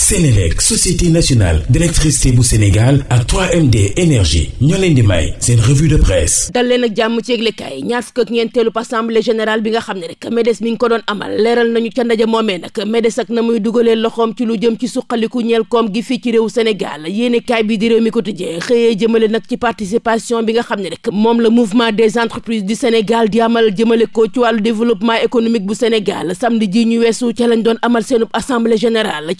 Sénélec société nationale d'électricité bu Sénégal ak 3MD énergie ñoo leen di may seen revue de presse dal leen ak jàmm ci yëglekaay ñaar fukk ak ñeenteelu assemblée générale bi nga xam ne rek MEDES mi nga ko doon amal leeral nañu ca ndaje moomee nag MEDES ak na muy dugalee loxoom ci lu jëm ci suqaliku ñeel koom gi fii ci réew Sénégal yéenekaay bi di réew mi ko tijjee xëyee jëmale nag ci participation bi nga xam ne rek moom la mouvement des entreprises du Sénégal di amal jëmale ko ci wàllu développement économique bu Sénégal samedi ji ñu weesu ca lañ doon amal seenub assemblée générale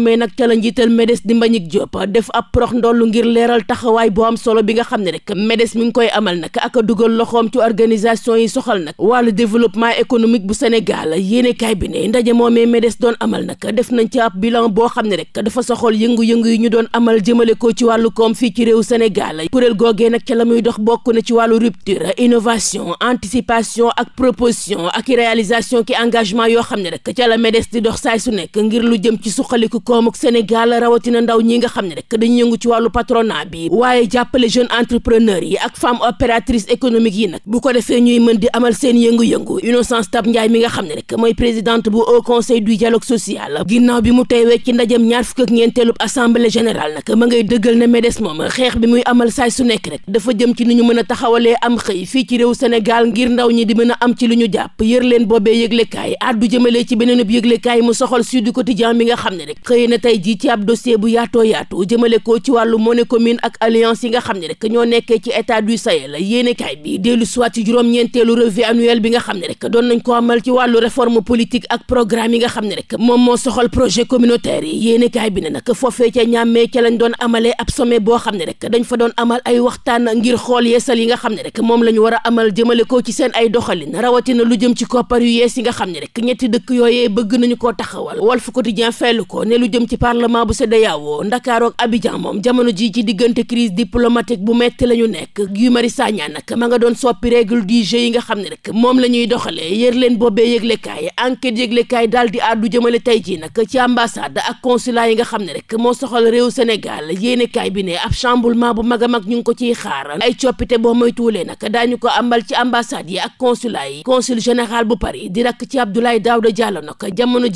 moomee nag ca la njiital MEDES di Mbagnick Diop def ab prox ndollu ngir leeral taxawaay bu am solo bi nga xam ne rek MEDES mi ngi koy amal nag ak a dugal loxoom ci organisation yi soxal nag wàllu développement économique bu Sénégal yéene kaay bi ne ndaje moomee MEDES doon amal nag def nañ ci ab bilan boo xam ne rek dafa soxool yëngu-yëngu yi ñu doon amal jëmale ko ci wàllu koom fii ci réew Sénégal kuréel googee nag ca la muy dox bokk na ci wàllu rupture innovation anticipation ak proposition ak réalisation ki engagement yoo xam ne rek ca la MEDES di dox saay su nekk ngir lu jëm ci suqaliku koomuk Sénégal rawatina ndaw ñi nga xam ne rek dañu yëngu ci wàllu patronat bi waaye jàppale jeune entrepreneur yi ak femme opératrice économique yi nag bu ko defee ñuy mën di amal seen yëngu-yëngu Innocence Tab Ndiaye mi nga xam ne rek mooy présidente bu Haut Conseil du dialogue social ginnaaw bi mu teewee ci ndajem ñaar fukk ak ñeenteelub assemblée générale nag ma ngay dëggal ne MEDES moom xeex bi muy amal saay su nekk rek dafa jëm ci ni ñu mën a taxawalee am xëy fii ci réew Sénégal ngir ndaw ñi di mën a am ci lu ñu jàpp yër leen boobee yëglekaay addu jëmale ci beneenub yëglekaay mu soxal Sud Quotidien mi nga xam ne rek xëy na tey jii ci ab dossier bu yaatoo yaatu jëmale ko ci wàllu monnaie commune ak alliance yi nga xam ne rek ñoo nekkee ci état du Sahel yéenekaay bi dellu soit ci juróom-ñeenteelu revue annuelle bi nga xam ne rek doon nañ ko amal ci wàllu réforme politique ak programme yi nga xam ne rek moom moo soxal projet communautaire yi yéenekaay bi ne nag foofee ca ñàmmee ca lañ doon amalee ab sommet boo xam ne rek dañ fa doon amal ay waxtaan ngir xool yeesal yi nga xam ne rek moom la ñu war a amal jëmale ko ci seen ay doxalin rawatina lu jëm ci koppar yi nga xam ne rek ñetti dëkk yooyee bëgg nañu koo taxawal Walf Quotidien fellu lu jëm ci parlement bu CEDEAO Ndakaaru ak Abidjan moom jamono ji ci diggante crise diplomatique bu metti la ñu nekk Guy Marius Sagna nag ma nga doon soppi règle du jeu yi nga xam ne rek moom la ñuy doxalee yër leen boobee yëglekaay enquête yëglekaay daal di àddu jëmale tey jii nag ci ambassade ak consulat yi nga xam ne rek moo soxal réew Sénégal yéenekaay bi ne ab chamboulement bu mag a ñu ngi ko ciy xaar ay coppite boo moytuwulee nag daañu ko ambal ci ambassade yi ak consulat yi consul bu Paris di rakk ci Abdoulaye Daouda Diallo nag jamono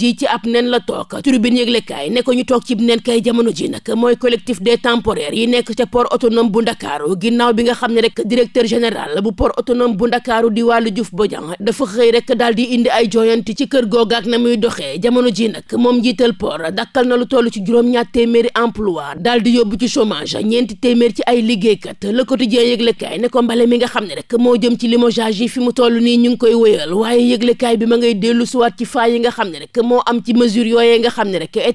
kaay ne ko ñu toog ci neen kay jamono ji nag mooy collectif des temporaires yi nekk ca port autonome bu ndakaaru ginnaaw bi nga xam ne rek directeur général bu port autonome bu ndakaaru di wàllu Diouf Bodiang dafa xëy rek daal di indi ay jooyanti ci kër googaak na muy doxee jamono ji nag moom njiital port dakkal na lu toll ci juróom-ñaar téeméeri emploi daal di yóbbu ci chômage ñeenti téeméer ci ay liggéeykat le quotidien yëglekaay ne ko mbale mi nga xam ne rek moo jëm ci limogeage yi fi mu toll nii ñu ngi koy wéyal bi ma ngay dellu suwaat ci faa yi nga xam ne rek moo am ci mesure yooyee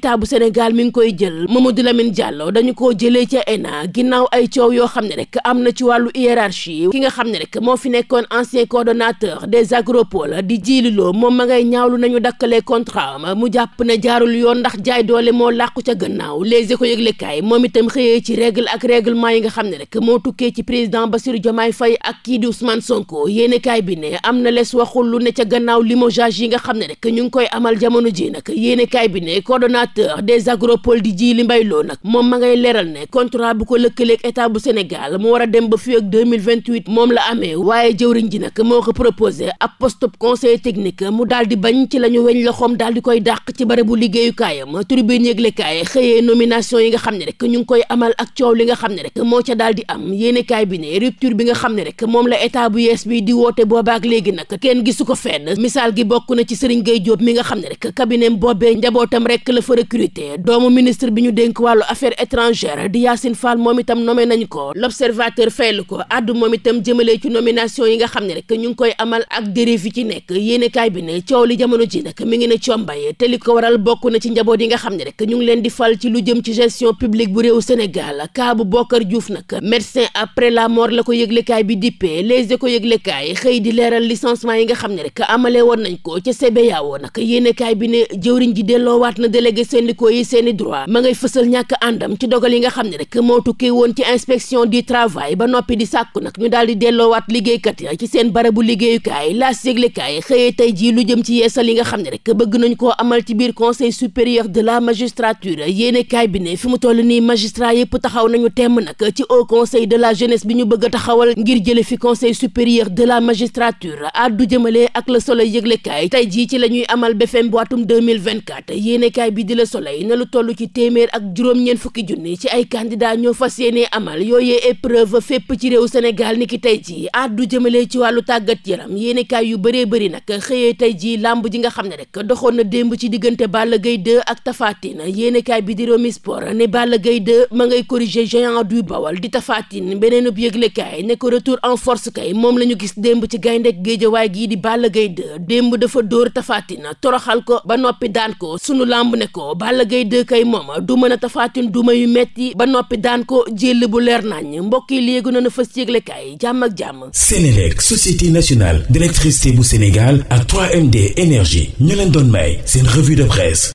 état bu Sénégal mi ngi koy jël Mamadou Lamine Diallo dañu koo jëlee ca ENA ginnaaw ay coow yoo xam ne rek am na ci wàllu hiérarchie ki nga xam ne rek moo fi nekkoon ancien coordonnateur des agropoles di jiililoo moom ma ngay ñaawlu nañu dakkalee contrat ma mu jàpp na jaarul yoon ndax jaay doole moo làqu ca gannaaw les éco yëglekaay moom itam xëyee ci règle ak règlement yi nga xam ne rek moo tukkee ci président Bassirou Diomaye fay ak kii di Ousmane Sonko yéenekaay bi ne am na les waxul lu ne ca gannaaw limogeage yi nga xam ne rek ñu ngi koy amal jamono ji nag yéenekaay bi ne coordonnateur directeur des agropoles di ji li mbay loo nag moom ma ngay leeral ne contrat bu ko lëkkaleeg état bu Sénégal mu war a dem ba fii ak 2028 moom la amee waaye jëwriñ ji nag moo ko proposé ab poste conseil technique mu daal di bañ ci la ñu weñ loxoom daal koy dàq ci barabu liggéeyukaayam tribune yëglekaay xëyee nomination yi nga xam ne rek ñu ngi koy amal ak coow li nga xam ne rek moo ca daal am yéenekaay bi ne rupture bi nga xam ne rek moom la état bu yees bi di woote boobaak léegi nag kenn mi nga xam ne sécurité doomu ministre bi ñu dénk wàllu affaire étrangère di Yacine Fall moom itam nommé nañ ko l'observateur faylu ko addu moom itam jëmalee ci nomination yi nga xam ne rek ñu ngi koy amal ak dérive ci nekk yéenekaay bi ne coow li jëm ci gestion publique bu réew Sénégal kaa bu Bokar nag médecin après la mort la ko yëglekaay bi dippee les ko yëglekaay xëy di leeral licenciement yi nga xam ne rek amalee woon nañ ko ca CBAO nag yéenekaay bi ne syndicaux yi seeni droit ma ngay fësal ñàkk àndam ci dogal yi nga xam ne rek moo tukkee woon ci inspection du travail ba noppi di sàkku nag ñu daal di delloowaat liggéeykat yi ci seen barabu liggéeyukaay laas yëglekaay xëyee tey jii lu jëm ci yeesal yi nga xam ne rek bëgg nañ koo amal ci biir conseil supérieur de la magistrature yéene bi ne fi mu toll nii magistrat yëpp taxaw nañu temm nag ci haut conseil de la jeunesse bi ñu bëgg a taxawal ngir jële fi conseil supérieur de la magistrature addu jëmale ak le soleil yëglekaay tey jii ci la amal BFM bu atum soleil na lu toll ci téeméer ak juróom-ñeent fukki junni ci ay candidat ñoo fas yéene amal yooyee épreuve fépp ci réew Sénégal ni ki tey jii addu jëmale ci wàllu tàggat yaram yéene yu bëree bëri nag xëyee tey jii làmb ji nga xam ne rek doxoon na démb ci diggante Balla gay 2 ak Tapha Tine yéene bi di Rewmi Sport ne Balla gay 2 ma ngay corriger géant du Bawol di Tapha beneen beneenub yëglekaay ne ko retour en force kay moom la ñu gis démb ci gayndek géejawaay gii di Balla Gaye démb dafa dóor Tapha Tine toroxal ko ba noppi daan ko sunu làmb ne waaw Balla Gaye 2 kay moom du mën a tafaatin duma yu metti ba noppi daan ko jël bu leer nañ mbokk yi léegi noonu fas yégle kay jàmm ak jàmm Sénélec société nationale d'électricité bu Sénégal ak 3MD énergie ñu leen doon may seen revue de presse